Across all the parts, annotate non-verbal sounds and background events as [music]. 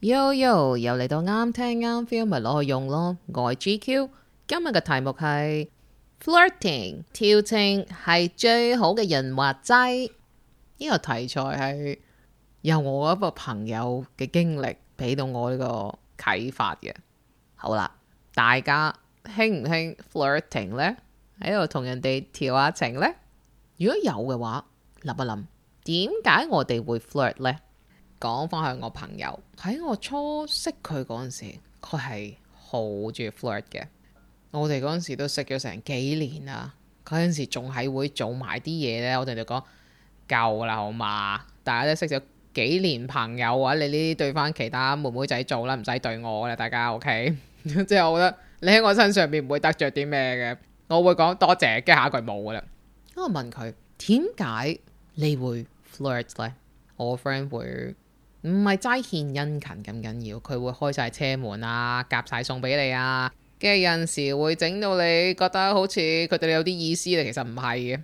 Yo Yo 又嚟到啱聽啱 feel，咪攞去用咯。我係 GQ 今日嘅題目係 flirting 調情係最好嘅潤滑劑。呢個題材係由我一個朋友嘅經歷俾到我呢個啟發嘅。好啦，大家興唔興 flirting 呢？喺度同人哋調下情呢？如果有嘅話，諗一諗點解我哋會 flirt 呢？講翻係我朋友喺我初識佢嗰陣時，佢係好中意 flirt 嘅。我哋嗰陣時都識咗成幾年啦，嗰陣時仲係會做埋啲嘢咧。我哋就講夠啦，好嘛？大家都識咗幾年朋友，或你呢啲對翻其他妹妹仔做啦，唔使對我啦，大家 OK？即 [laughs] 係我覺得你喺我身上邊唔會得着啲咩嘅，我會講多謝。跟下一句冇噶啦。我問佢點解你會 flirt 咧？我 friend 會。唔係齋獻殷勤咁緊要，佢會開晒車門啊，夾晒送俾你啊。跟住有陣時會整到你覺得好似佢對你有啲意思咧，其實唔係嘅。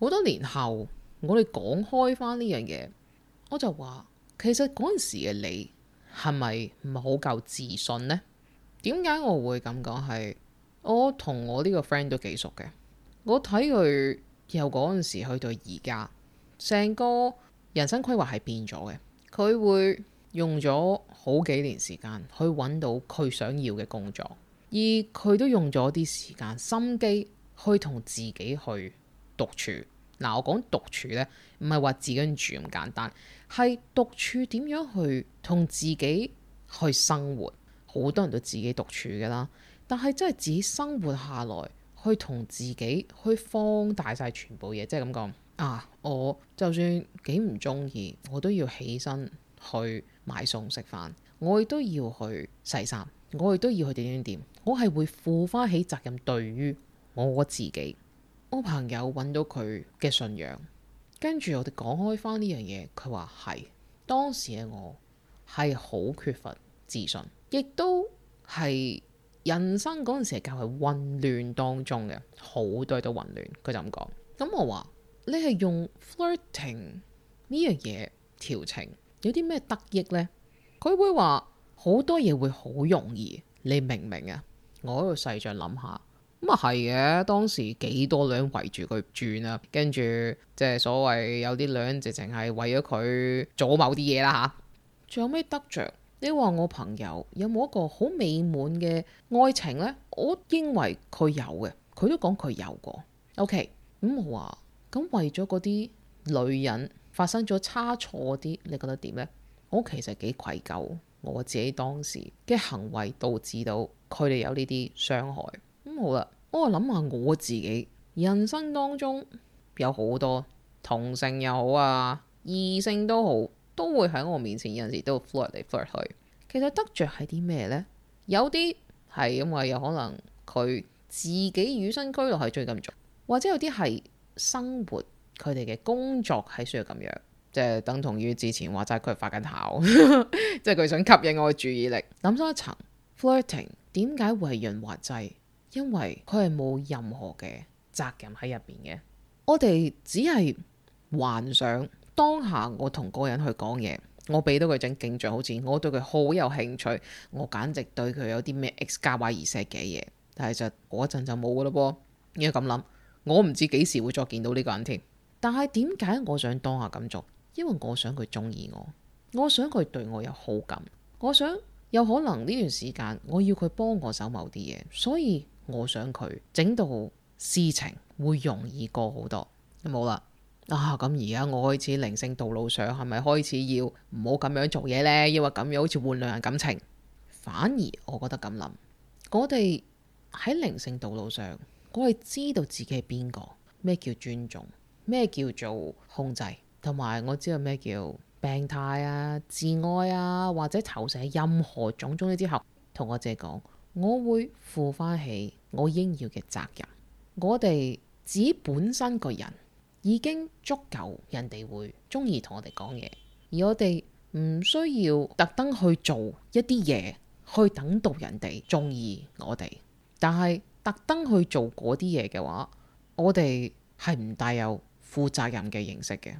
好多年後，我哋講開翻呢樣嘢，我就話其實嗰陣時嘅你係咪唔係好夠自信呢？點解我會咁講？係我同我呢個 friend 都幾熟嘅，我睇佢由嗰陣時去到而家，成個人生規劃係變咗嘅。佢會用咗好幾年時間去揾到佢想要嘅工作，而佢都用咗啲時間心機去同自己去獨處。嗱，我講獨處呢，唔係話自己住咁簡單，係獨處點樣去同自己去生活。好多人都自己獨處㗎喇，但係真係自己生活下來，去同自己去放大晒全部嘢，即係咁講。啊！我就算幾唔中意，我都要起身去買餸食飯。我亦都要去洗衫，我亦都要去點點點。我係會負翻起責任，對於我自己。我朋友揾到佢嘅信仰。跟住我哋講開翻呢樣嘢，佢話係當時嘅我係好缺乏自信，亦都係人生嗰陣時係較為混亂當中嘅好多都混亂。佢就咁講，咁我話。你係用 flirting 呢樣嘢調情，有啲咩得益呢？佢會話好多嘢會好容易，你明唔明啊？我喺度細象諗下，咁啊係嘅。當時幾多女人圍住佢轉啊？跟住即係所謂有啲女人直情係為咗佢做某啲嘢啦嚇。仲有咩得着？你話我朋友有冇一個好美滿嘅愛情呢？我認為佢有嘅，佢都講佢有過。OK 咁我話。咁為咗嗰啲女人發生咗差錯啲，你覺得點呢？我其實幾愧疚，我自己當時嘅行為導致到佢哋有呢啲傷害。咁、嗯、好啦，我諗下我自己人生當中有好多同性又好啊，異性都好，都會喺我面前有陣時都 flirt 嚟 flirt 去。其實得着係啲咩呢？有啲係因為有可能佢自己與生俱來係最緊要，或者有啲係。生活佢哋嘅工作係需要咁樣，即係等同於之前話齋，發 [laughs] 即佢發緊姣，即係佢想吸引我嘅注意力。諗咗一層，flirting 點解為潤滑劑？因為佢係冇任何嘅責任喺入邊嘅。我哋只係幻想當下我同嗰人去講嘢，我俾到佢整景象，好似我對佢好有興趣，我簡直對佢有啲咩 ex 加 y 而射嘅嘢，但係就嗰陣就冇噶咯噃。應該咁諗。我唔知幾時會再見到呢個人添，但係點解我想當下咁做？因為我想佢中意我，我想佢對我有好感，我想有可能呢段時間我要佢幫我手某啲嘢，所以我想佢整到事情會容易過好多。冇、嗯、啦啊！咁而家我開始靈性道路上係咪開始要唔好咁樣做嘢呢？因為咁樣好似換兩人感情，反而我覺得咁諗，我哋喺靈性道路上。我哋知道自己係邊個，咩叫尊重，咩叫做控制，同埋我知道咩叫病態啊、自愛啊，或者投射任何種種。之後同我姐講，我會負翻起我應要嘅責任。我哋指本身個人已經足夠，人哋會中意同我哋講嘢，而我哋唔需要特登去做一啲嘢去等到人哋中意我哋，但係。特登去做嗰啲嘢嘅話，我哋係唔帶有負責任嘅認識嘅。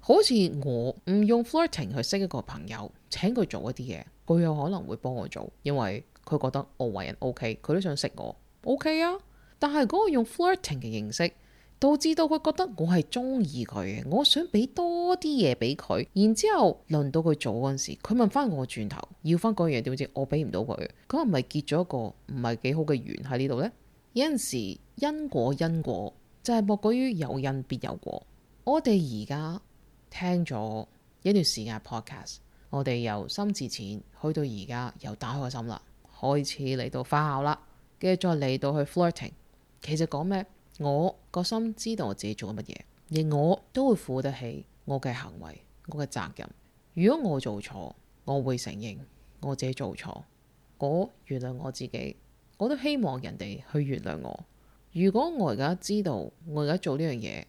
好似我唔用 flirting 去識一個朋友，請佢做一啲嘢，佢有可能會幫我做，因為佢覺得我為人 O K，佢都想識我 OK 啊。但係嗰用 flirting 嘅形式，導致到佢覺得我係中意佢嘅，我想俾多啲嘢俾佢。然之後輪到佢做嗰陣時，佢問翻我轉頭，要翻嗰樣嘢，點知我俾唔到佢，佢係咪結咗一個唔係幾好嘅緣喺呢度呢？有陣時因果因果就係、是、莫過於有因必有果。我哋而家聽咗一段時間 podcast，我哋由心字前去到而家又打開個心啦，開始嚟到發酵啦，跟住再嚟到去 flirting。其實講咩？我個心知道我自己做緊乜嘢，而我都會負得起我嘅行為、我嘅責任。如果我做錯，我會承認我自己做錯，我原諒我自己。我都希望人哋去原諒我。如果我而家知道我而家做呢樣嘢，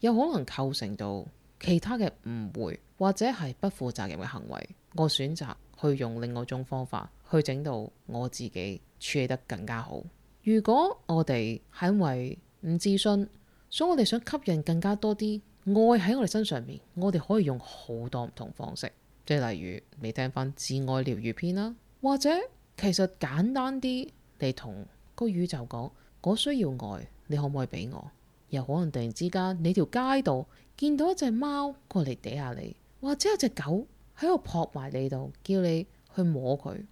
有可能構成到其他嘅誤會或者係不負責任嘅行為，我選擇去用另外一種方法去整到我自己處理得更加好。如果我哋係因為唔自信，所以我哋想吸引更加多啲愛喺我哋身上面，我哋可以用好多唔同方式，即係例如你聽翻自愛療愈篇啦，或者其實簡單啲。你同個宇宙講，我需要愛，你可唔可以俾我？又可能突然之間，你條街度見到一隻貓過嚟嗲下你，或者有隻狗喺度撲埋你度，叫你去摸佢。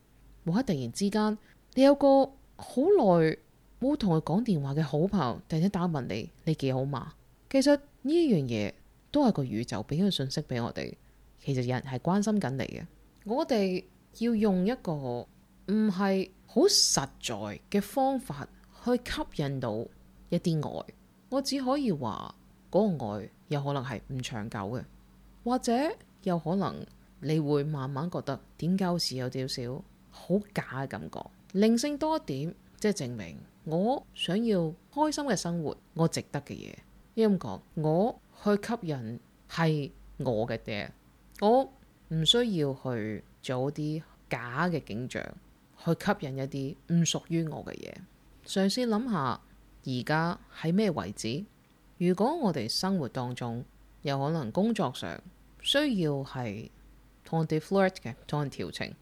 或者突然之間，你有個好耐冇同佢講電話嘅好朋友突然間打問你，你幾好嘛？其實呢樣嘢都係個宇宙俾個信息俾我哋，其實有人係關心緊你嘅。我哋要用一個唔係好實在嘅方法去吸引到一啲愛，我只可以話嗰個愛有可能係唔長久嘅，或者有可能你會慢慢覺得點解有時有少少好假嘅感覺。靈性多一點，即係證明我想要開心嘅生活，我值得嘅嘢。因咁講，我去吸引係我嘅爹，我唔需要去做啲假嘅景象，去吸引一啲唔屬於我嘅嘢。嘗試諗下，而家喺咩位置？如果我哋生活當中有可能工作上需要係同人哋 flirt 嘅，同人調情，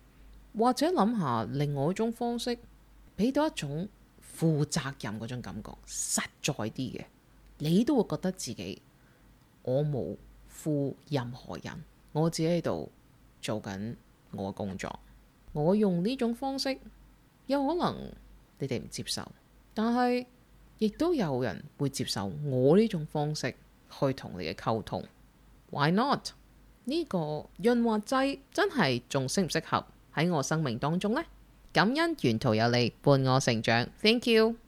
或者諗下另外一種方式，俾到一種負責任嗰種感覺，實在啲嘅，你都會覺得自己我冇負任何人，我自己喺度做緊我嘅工作。我用呢種方式，有可能你哋唔接受，但係亦都有人會接受我呢種方式去同你嘅溝通。Why not？呢個潤滑劑真係仲適唔適合喺我生命當中呢？感恩沿途有你伴我成長，Thank you。